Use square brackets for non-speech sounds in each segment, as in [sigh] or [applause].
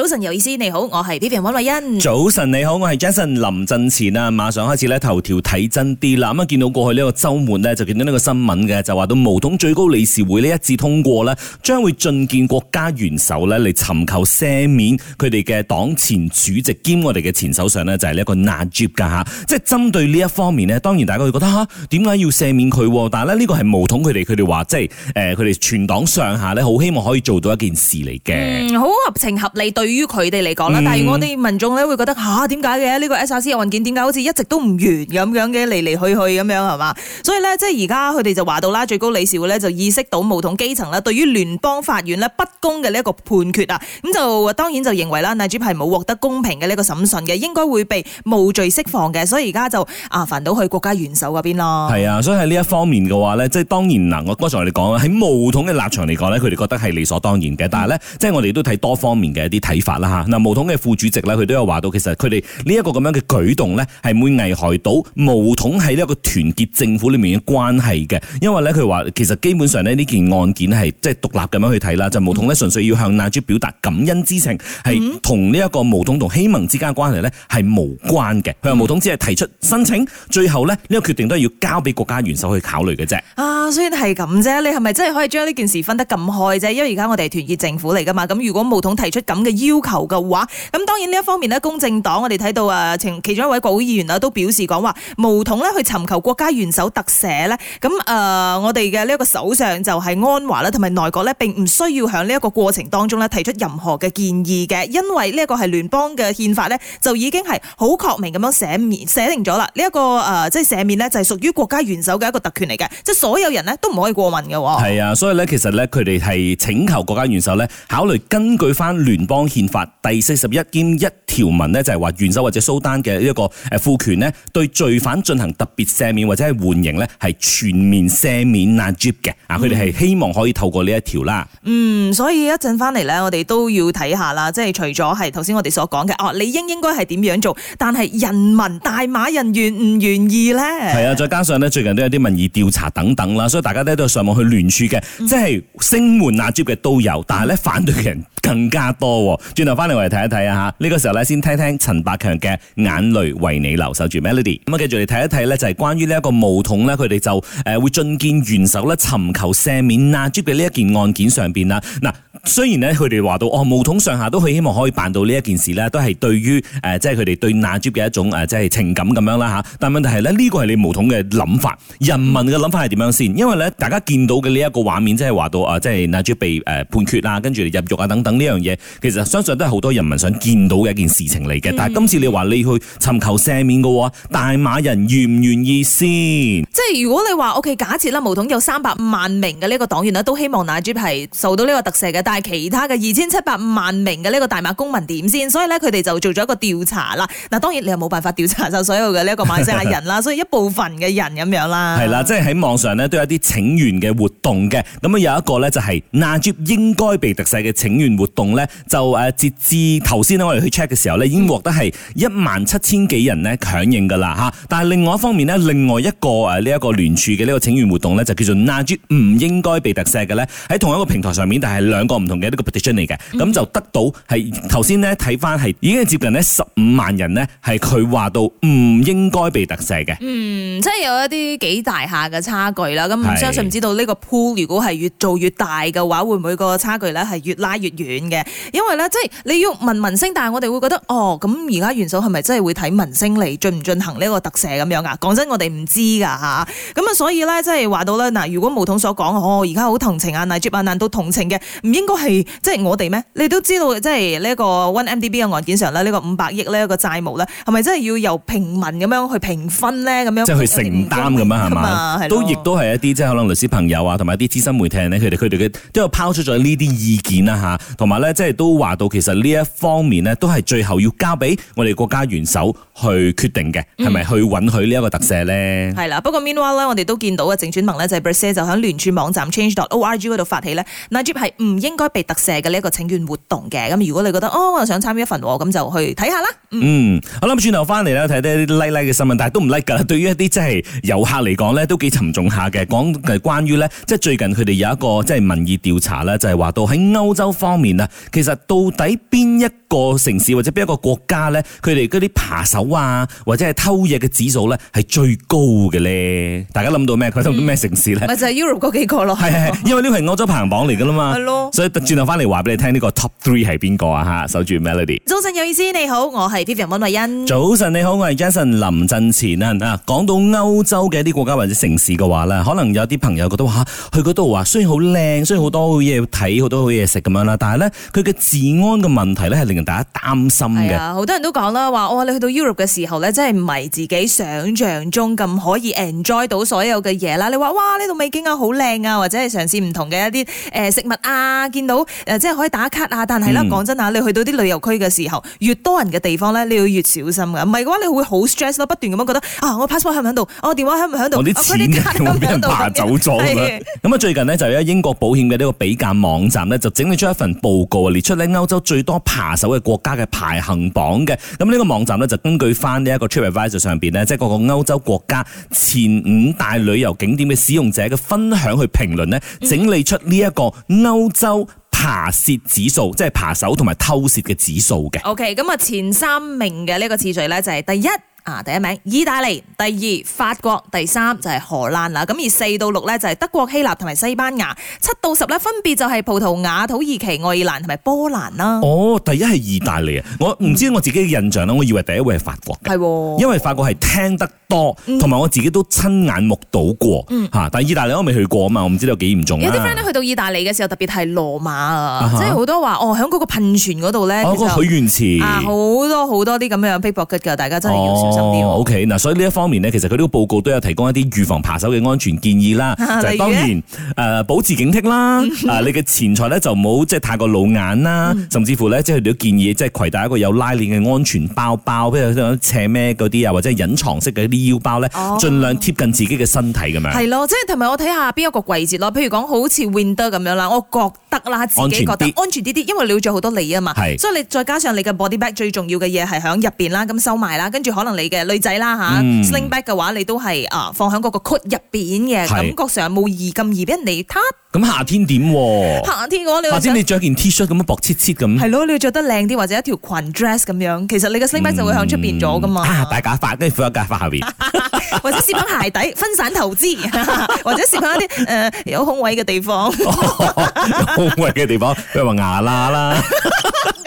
早晨有意思，你好，我係 B B 温慧欣。早晨你好，我係 Jason 林振前啊，馬上開始咧，頭條睇真啲啦。咁啊，見到過去呢個周末呢，就見到呢個新聞嘅，就話到巫統最高理事會呢一致通過呢將會覲見國家元首呢嚟尋求赦免佢哋嘅黨前主席兼我哋嘅前首相呢，就係呢一個 Najib 噶吓。即係針對呢一方面呢，當然大家會覺得吓，點、啊、解要赦免佢？但係呢，呢個係巫統佢哋，佢哋話即係誒，佢、呃、哋全黨上下呢，好希望可以做到一件事嚟嘅、嗯，好合情合理對。對於佢哋嚟講啦，但係我哋民眾咧會覺得吓，點解嘅呢個 SRC 案件點解好似一直都唔完咁樣嘅嚟嚟去去咁樣係嘛？所以咧，即係而家佢哋就話到啦，最高理事會咧就意識到巫統基層咧對於聯邦法院咧不公嘅呢一個判決啊，咁就當然就認為啦，賴主席係冇獲得公平嘅呢個審訊嘅，應該會被無罪釋放嘅，所以而家就啊煩到去國家元首嗰邊咯。係啊，所以喺呢一方面嘅話咧，即係當然嗱，我剛才我哋講喺巫統嘅立場嚟講咧，佢哋覺得係理所當然嘅，嗯、但係咧，即、就、係、是、我哋都睇多方面嘅一啲睇法啦嚇嗱，巫統嘅副主席咧，佢都有話到，其實佢哋呢一個咁樣嘅舉動咧，係會危害到巫統喺呢一個團結政府裏面嘅關係嘅。因為咧，佢話其實基本上呢，呢件案件係即係獨立咁樣去睇啦，就是巫統咧純粹要向娜珠表達感恩之情，係同呢一個巫統同希盟之間關係咧係無關嘅。佢話巫統只係提出申請，最後咧呢個決定都係要交俾國家元首去考慮嘅啫。啊，所以係咁啫，你係咪真係可以將呢件事分得咁開啫？因為而家我哋團結政府嚟㗎嘛，咁如果巫統提出咁嘅要求嘅話，咁當然呢一方面咧，公正黨我哋睇到啊情其中一位國會議員啦，都表示講話巫統咧去尋求國家元首特赦咧。咁誒、呃、我哋嘅呢一個首相就係安華啦，同埋內閣咧並唔需要響呢一個過程當中咧提出任何嘅建議嘅，因為呢一個係聯邦嘅憲法咧，就已經係好確明咁樣寫明寫定咗啦。呢一個誒即係赦免咧就係屬於國家元首嘅一個特權嚟嘅，即係所有人咧都唔可以過問嘅係啊，所以咧其實咧佢哋係請求國家元首咧考慮根據翻聯邦。憲法第四十一兼一條文呢，就係話元首或者蘇丹嘅一個誒賦權咧，對罪犯進行特別赦免或者係緩刑呢係全面赦免啊 d 嘅啊，佢哋係希望可以透過呢一條啦。嗯，所以一陣翻嚟呢，我哋都要睇下啦，即係除咗係頭先我哋所講嘅，哦，理應應該係點樣做，但係人民大馬人願唔願意呢？係啊，再加上呢，最近都有啲民意調查等等啦，所以大家咧都有上網去聯署嘅，即係聲援啊 d 嘅都有，但係咧反對嘅人更加多喎。轉頭翻嚟，我哋睇一睇啊吓，呢個時候咧，先聽聽陳百強嘅眼淚為你流，守住 melody。咁啊，繼續嚟睇一睇咧，就係關於呢一個巫統咧，佢哋就誒會進見元首咧，尋求赦免啊，諸嘅呢一件案件上邊啦嗱。雖然咧，佢哋話到哦，巫統上下都係希望可以辦到呢一件事咧，都係對於誒、呃，即係佢哋對納吉嘅一種誒，即、呃、係情感咁樣啦嚇。但問題係咧，呢個係你巫統嘅諗法，人民嘅諗法係點樣先？因為咧，大家見到嘅呢一個畫面，即係話到啊，即係納吉被誒判決啊，跟住入獄啊等等呢樣嘢，其實相信都係好多人民想見到嘅一件事情嚟嘅。但係今次你話你去尋求赦免嘅喎，大馬人願唔願意先？嗯、即係如果你話 OK，假設啦，巫統有三百萬名嘅呢個黨員呢，都希望納吉係受到呢個特赦嘅。但係其他嘅二千七百萬名嘅呢個大馬公民點先？所以咧，佢哋就做咗一個調查啦。嗱，當然你又冇辦法調查晒所有嘅呢一個馬來西亞人啦，所以一部分嘅人咁樣啦。 [laughs] 係啦，即係喺網上呢，都有啲請願嘅活動嘅。咁啊有一個呢，就係納吉應該被特赦嘅請願活動呢，就誒截至頭先我哋去 check 嘅時候呢，已經獲得係一萬七千幾人呢響應㗎啦嚇。但係另外一方面呢，另外一個誒呢一個聯署嘅呢個請願活動呢，就叫做納吉唔應該被特赦嘅呢。喺同一個平台上面，但係兩個。唔同嘅呢個 position 嚟嘅，咁就得到係頭先咧睇返係已經接近呢十五萬人咧，係佢話到唔應該被特赦嘅。嗯，即係有一啲幾大下嘅差距啦。咁唔相信，唔知道呢個 pool 如果係越做越大嘅話，會唔會個差距咧係越拉越遠嘅？因為咧，即係你要問民聲，但係我哋會覺得哦，咁而家元首係咪真係會睇民聲嚟進唔進行呢個特赦咁樣啊？講真，我哋唔知㗎嚇。咁啊，所以咧，即係話到咧，嗱，如果毛統所講，哦，而家好同情啊，難接啊，難都同情嘅，唔應。都係即係我哋咩？你都知道即係呢個 1MDB 嘅案件上咧，呢、這個五百億呢一個債務咧，係咪真係要由平民咁樣去平分咧？咁樣即係去承擔咁樣係嘛？是吧都亦都係一啲即係可能律師朋友啊，同埋啲資深媒體咧，佢哋佢哋都都拋出咗呢啲意見啊嚇，同埋咧即係都話到其實呢一方面咧，都係最後要交俾我哋國家元首去決定嘅，係咪去允許呢一個特赦咧？係啦，不過 Meanwhile 咧，我哋都見到啊，淨選盟咧就係 Bersih 就喺聯署網站 Change.org 度發起咧，那唔應該被特赦嘅呢一個請願活動嘅，咁如果你覺得哦，我係想參與一份，咁就去睇下啦。嗯，好啦，咁轉頭翻嚟咧睇睇啲 like like 嘅新聞，但係都唔 like 噶。對於一啲即係遊客嚟講咧，都幾沉重下嘅。講嘅關於咧，即係最近佢哋有一個即係民意調查咧，就係話到喺歐洲方面啊，其實到底邊一個城市或者邊一個國家咧，佢哋嗰啲扒手啊或者係偷嘢嘅指數咧係最高嘅咧？大家諗到咩？佢到啲咩城市咧？咪、嗯、就係 Europe 嗰幾個咯。係係，因為呢個係歐洲排行榜嚟噶啦嘛。係咯。轉頭翻嚟話俾你聽，呢個 Top Three 係邊個啊？嚇，守住 Melody。早晨有意思，你好，我係 Vivian 溫慧欣。早晨你好，我係 Jason 林振前啊，嗱，講到歐洲嘅一啲國家或者城市嘅話咧，可能有啲朋友覺得吓，去嗰度啊，雖然好靚，雖然好多好嘢睇，好多好嘢食咁樣啦，但係咧，佢嘅治安嘅問題咧係令人大家擔心嘅。哎，好多人都講啦，話哇你去到 Europe 嘅時候咧，真係唔係自己想像中咁可以 enjoy 到所有嘅嘢啦。你話哇呢度美景啊好靚啊，或者係嘗試唔同嘅一啲誒、呃、食物啊。見到誒，即係可以打卡啊！但係啦，講、嗯、真啊，你去到啲旅遊區嘅時候，越多人嘅地方咧，你要越小心㗎。唔係嘅話，你會好 stress 咯，不斷咁樣覺得啊，我 passport 喺唔喺度？我、啊、電話喺唔喺度？我啲的錢會唔會俾人爬走咗咁啊，的的最近呢，就有英國保險嘅呢個比較網站呢，就整理出一份報告啊，列出咧歐洲最多扒手嘅國家嘅排行榜嘅。咁、這、呢個網站呢，就根據翻呢一個 TripAdvisor 上邊呢，即、就、係、是、各個歐洲國家前五大旅遊景點嘅使用者嘅分享去評論呢，嗯、整理出呢一個歐洲。爬竊指數，即係扒手同埋偷竊嘅指數嘅。OK，咁啊前三名嘅呢個次序呢，就係第一啊第一名意大利，第二法國，第三就係、是、荷蘭啦。咁而四到六呢，就係德國、希臘同埋西班牙，七到十呢，分別就係葡萄牙、土耳其、愛爾蘭同埋波蘭啦。哦，第一係意大利啊，我唔知我自己嘅印象啦，嗯、我以為第一位係法國嘅，係、哦，因為法國係聽得。多，同埋我自己都親眼目睹過嚇，嗯、但係意大利我未去過啊嘛，我唔知道幾嚴重。有啲 friend 去到意大利嘅時候，特別係羅馬啊哈，即係好多話哦，喺嗰個噴泉嗰度咧，啊好就、啊、多好多啲咁樣飛薄㗎，大家真係要小心啲。O K，嗱，所以呢一方面呢，其實佢呢個報告都有提供一啲預防扒手嘅安全建議啦，就係、是、當然誒、呃、保持警惕啦、 [laughs] 呃，你嘅錢財咧就唔好即係太過露眼啦，嗯、甚至乎咧即係佢哋都建議即係攜帶一個有拉鏈嘅安全包包，譬如想斜孭嗰啲啊，或者隱藏式嘅一啲，腰包咧，儘、哦、量貼近自己嘅身體咁樣。係咯，即係同埋我睇下邊一個季節咯。譬如講好似 winter 咁樣啦，我覺得啦，自己覺得安全啲啲，因為你要着好多脷啊嘛。的所以你再加上你嘅 body bag，最重要嘅嘢係喺入邊啦，咁收埋啦。跟住可能你嘅女仔啦吓 s、嗯、sling bag 嘅話，你都係啊放喺嗰個 coat 入邊嘅，的感覺上冇易咁易俾人嚟攤。咁夏天點、啊？夏天嘅話，夏天你著件 T 恤咁樣薄黐黐咁。係咯，你要著得靚啲，或者一條裙 dress 咁樣。其實你嘅 sling bag 就會喺出邊咗噶嘛、嗯。啊，大家放跟住放一下邊。 [laughs] 或者試翻鞋底，分散投資， [laughs] 或者試翻一啲誒有空位嘅地方，有空位嘅地方譬如話牙喇啦啦。 [laughs]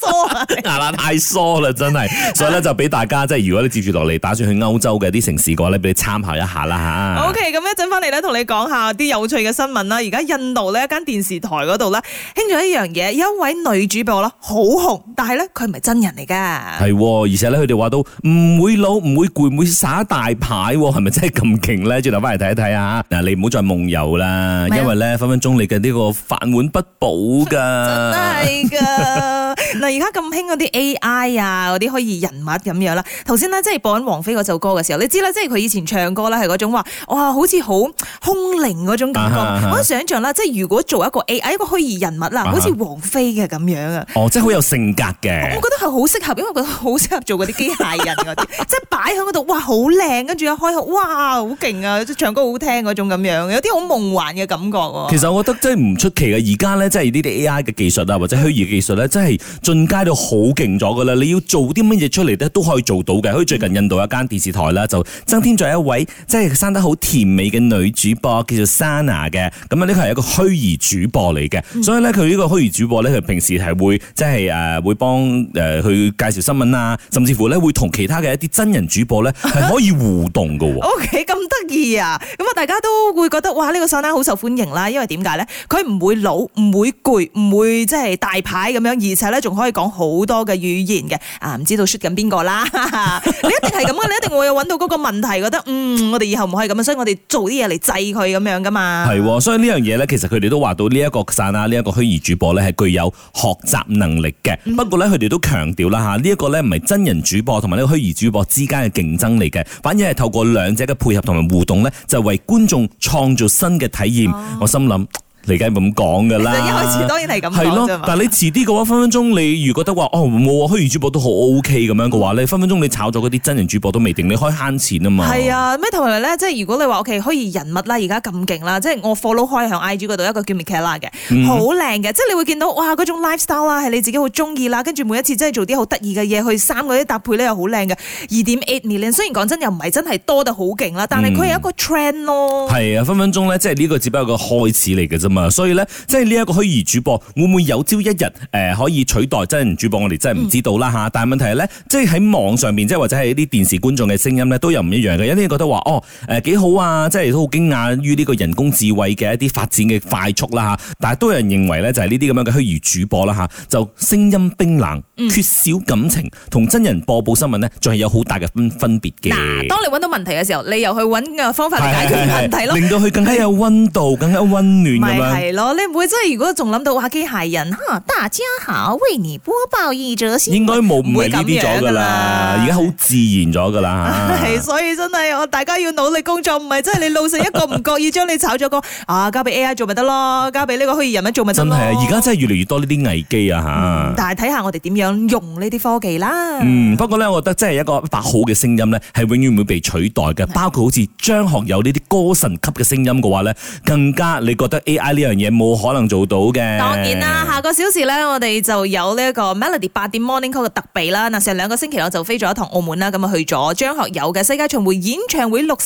[laughs] 太疏啦，真係。所以咧，就俾大家即係，如果你接住落嚟打算去歐洲嘅啲城市嘅話咧，俾你參考一下啦吓。OK，咁一陣翻嚟咧，同你講下啲有趣嘅新聞啦。而家印度呢一間電視台嗰度咧，興咗一樣嘢，有一位女主播啦，好紅，但係咧，佢唔係真人嚟噶。係，而且咧，佢哋話都唔會老，唔會攰，唔會耍大牌，係咪真係咁勁咧？轉頭翻嚟睇一睇啊！嗱，你唔好再夢遊啦，的因為咧，分分鐘你嘅呢個飯碗不保噶， [laughs] 真係噶。 [laughs] 嗱，而家咁興嗰啲 A I 啊，嗰啲虛擬人物咁樣啦。頭先咧，即係播緊王菲嗰首歌嘅時候，你知啦，即係佢以前唱歌咧係嗰種話，哇，好似好空靈嗰種感覺。Uh huh. 我想象啦，即係如果做一個 A I 一個虛擬人物啦，好似、uh huh. 王菲嘅咁樣啊。Uh huh. 哦，即係好有性格嘅。我覺得係好適合，因為我覺得好適合做嗰啲機械人嗰啲， [laughs] 即係擺喺嗰度，哇，好靚，跟住一開口，哇，好勁啊，即唱歌好聽嗰種咁樣，有啲好夢幻嘅感覺喎。其實我覺得真係唔出奇啊。而家咧，即係呢啲 A I 嘅技術啊，或者虛擬技術咧，真係。進階到好勁咗㗎啦，你要做啲乜嘢出嚟咧，都可以做到嘅。佢最近印度一間電視台啦，就增添咗一位即係、就是、生得好甜美嘅女主播，叫做 Sana 嘅。咁啊，呢個係一個虛擬主播嚟嘅，所以咧佢呢個虛擬主播咧，佢平時係會即係誒會幫誒、呃、去介紹新聞啊，甚至乎咧會同其他嘅一啲真人主播咧係可以互動喎。O K，咁得意啊！咁啊，大家都會覺得哇，呢、呢個 Sana 好受歡迎啦，因為點解咧？佢唔會老，唔會攰，唔會即係大牌咁樣，而且咧。仲可以講好多嘅語言嘅啊，唔知道 shoot 緊邊個啦，哈哈，你一定係咁嘅，你一定會有揾到嗰個問題，覺得嗯，我哋以後唔可以咁啊，所以我哋做啲嘢嚟制佢咁樣噶嘛。係、哦，所以呢樣嘢咧，其實佢哋都話到呢一個散啊，呢一個虛擬主播咧係具有學習能力嘅。嗯、不過咧，佢哋都強調啦吓，呢一個咧唔係真人主播同埋呢個虛擬主播之間嘅競爭嚟嘅，反而係透過兩者嘅配合同埋互動咧，就為觀眾創造新嘅體驗。啊、我心諗。你梗係咁講噶啦，一 [laughs] 開始當然係咁講嘅。但係你遲啲嘅話、， [laughs] 哦 OK、話，分分鐘你如果覺得話，哦，我虛擬主播都好 OK 咁樣嘅話，你分分鐘你炒咗嗰啲真人主播都未定，你可以慳錢啊嘛。係啊，咩？同埋咧，即係如果你話我其實虛擬人物啦，而家咁勁啦，即係我 follow 開向 IG 嗰度一個叫 Michelle 嘅，好靚嘅，即係你會見到哇嗰種 lifestyle 啦，係你自己好中意啦，跟住每一次真係做啲好得意嘅嘢去衫嗰啲搭配咧又好靚嘅，二點八 million。雖然講真又唔係真係多得好勁啦，但係佢係一個 trend 咯、嗯。係啊，分分鐘咧，即係呢個只不過個開始嚟嘅啫。所以咧，即係呢一個虛擬主播會唔會有朝一日可以取代真人主播？我哋真係唔知道啦、嗯、但係問題係咧，即係喺網上面，即係或者係啲電視觀眾嘅聲音咧，都有唔一樣嘅。有啲人覺得話哦幾好啊，即係都好驚訝於呢個人工智慧嘅一啲發展嘅快速啦嚇，但係都有人認為咧，就係呢啲咁樣嘅虛擬主播啦嚇，就聲音冰冷，缺少感情，同、嗯、真人播報新聞呢，仲係有好大嘅分分別嘅。當你揾到問題嘅時候，你又去揾嘅方法解決問題咯，對對對，令到佢更加有温度，更加温暖。 [laughs] 係咯，對你唔會真係如果仲諗到話機械人吓，大家好，為你播報意咗先。應該冇唔會呢啲咗噶啦，而家好自然咗噶啦吓。係所以真係大家要努力工作，唔係真係你老實一個唔覺意將你炒咗個啊，交俾 A.I. 做咪得咯，交俾呢個虛擬人物做咪得咯。真係啊，而家真係越嚟越多呢啲危機啊吓。嗯、但係睇下我哋點樣用呢啲科技啦。嗯、不過咧，我覺得真係一個把好嘅聲音咧，係永遠唔會被取代嘅，包括好似張學友呢啲歌神級嘅聲音嘅話咧，更加你覺得 A.I. 呢樣嘢冇可能做到嘅。當然啦，下個小時咧，我哋就有呢一個 Melody 八點 Morning Call 嘅特備啦。嗱，成兩個星期我就飛咗一趟澳門啦，咁啊去咗張學友嘅世界巡回演唱會 60+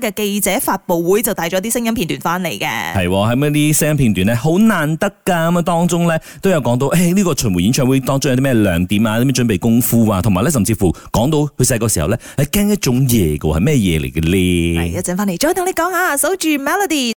嘅記者發佈會，就帶咗啲聲音片段翻嚟嘅。係喎、哦，係咪啲聲音片段咧？好難得㗎。咁啊，當中咧都有講到，誒、欸、呢、呢個巡回演唱會當中有啲咩亮點啊？啲咩準備功夫啊？同埋咧，甚至乎講到佢細個時候咧係驚一種嘢嘅，係咩嘢嚟嘅咧？係、哎、一陣翻嚟再同你講下。守住 Melody。